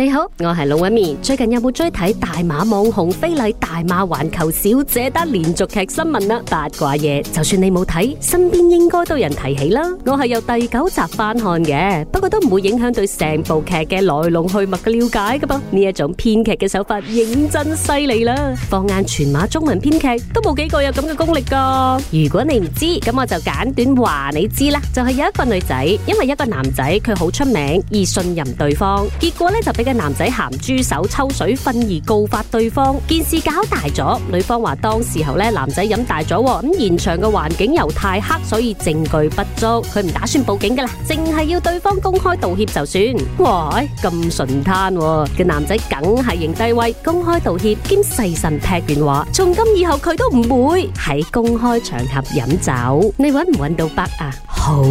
你好，我係龍紋敏。最近有冇追睇大馬網紅非禮大馬環球小姐得連續劇新聞啊？八卦嘢，就算你冇睇，身邊應該都有人提起啦。我係由第九集翻看嘅，不過都唔會影響對成部劇嘅來龍去脈嘅了解噶噃。呢一種編劇嘅手法認真犀利啦，放眼全馬中文編劇都冇幾個有咁嘅功力噶。如果你唔知，咁我就簡短話你知啦。就係有一個女仔，因為一個男仔佢好出名而信任對方，結果咧就俾。.男仔鹹豬手抽水，憤而告發對方，件事搞大咗。女方話當時候咧，男仔飲大咗，咁現場嘅環境又太黑，所以證據不足，佢唔打算報警噶啦，淨係要對方公開道歉就算。喂，咁順攤嘅男仔，梗係認低位公開道歉兼細神劈電話，從今以後佢都唔會喺公開場合飲酒。你搵唔搵到北啊？好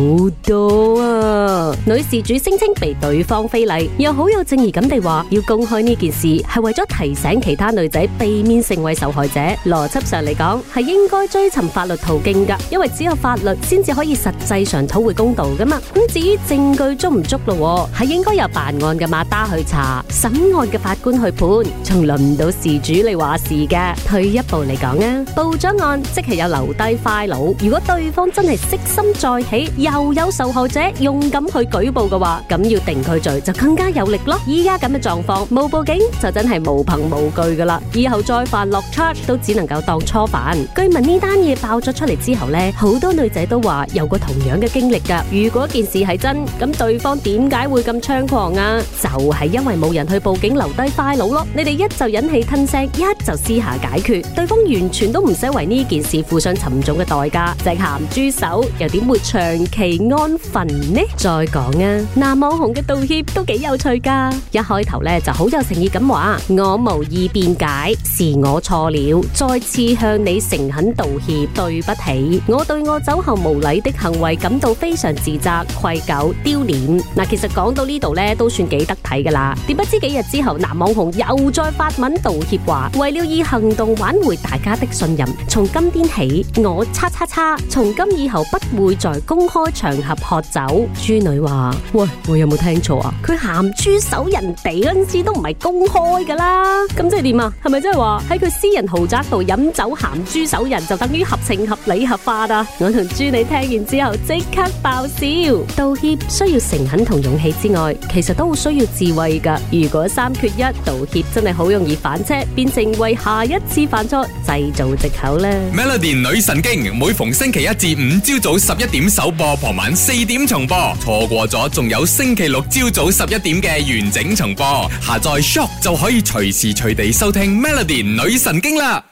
多啊！女事主聲稱被對方非禮，又好有正義感地話要公開呢件事，係為咗提醒其他女仔避免成為受害者。邏輯上嚟講，係應該追尋法律途徑噶，因為只有法律先至可以實際上討回公道噶嘛。咁、嗯、至於證據足唔足咯，係應該由辦案嘅馬達去查，審案嘅法官去判，仲輪唔到事主嚟話事噶。退一步嚟講啊，報咗案即係有留低快佬，如果對方真係色心再起。又有受害者勇敢去舉報嘅話，咁要定佢罪就更加有力咯。依家咁嘅狀況，冇報警就真係無憑無據噶啦。以後再犯落 charge 都只能夠當初犯。據聞呢單嘢爆咗出嚟之後呢，好多女仔都話有過同樣嘅經歷噶。如果這件事係真的，咁對方點解會咁猖狂啊？就係、是、因為冇人去報警，留低快腦咯。你哋一就忍氣吞聲，一就私下解決，對方完全都唔使為呢件事負上沉重嘅代價。食咸豬手又點會唱？長期安分呢？再講啊！男網紅嘅道歉都幾有趣噶，一開頭咧就好有誠意咁話：我無意辯解，是我錯了，再次向你誠懇道歉，對不起。我對我酒後無禮的行為感到非常自責、愧疚、丟臉。嗱，其實講到呢度咧，都算幾得體噶啦。點不知幾日之後，男網紅又再發文道歉，話為了以行動挽回大家的信任，從今天起我 XXX，從今以後不會再公公開場合喝酒，豬女話：喂，我有冇聽錯啊？佢鹹豬手人哋嗰陣都唔係公開噶啦，咁即係點啊？係咪即係話喺佢私人豪宅度飲酒鹹豬手人就等於合情合理合法啊？我同豬女聽完之後即刻爆笑。道歉需要誠懇同勇氣之外，其實都好需要智慧噶。如果三缺一，道歉真係好容易反車，變成為下一次犯錯製造借口呢。Melody 女神經，每逢星期一至五朝早十一點首。播傍晚四點重播，錯過咗仲有星期六朝早十一點嘅完整重播。下載 Shop 就可以隨時隨地收聽 Melody 女神經啦。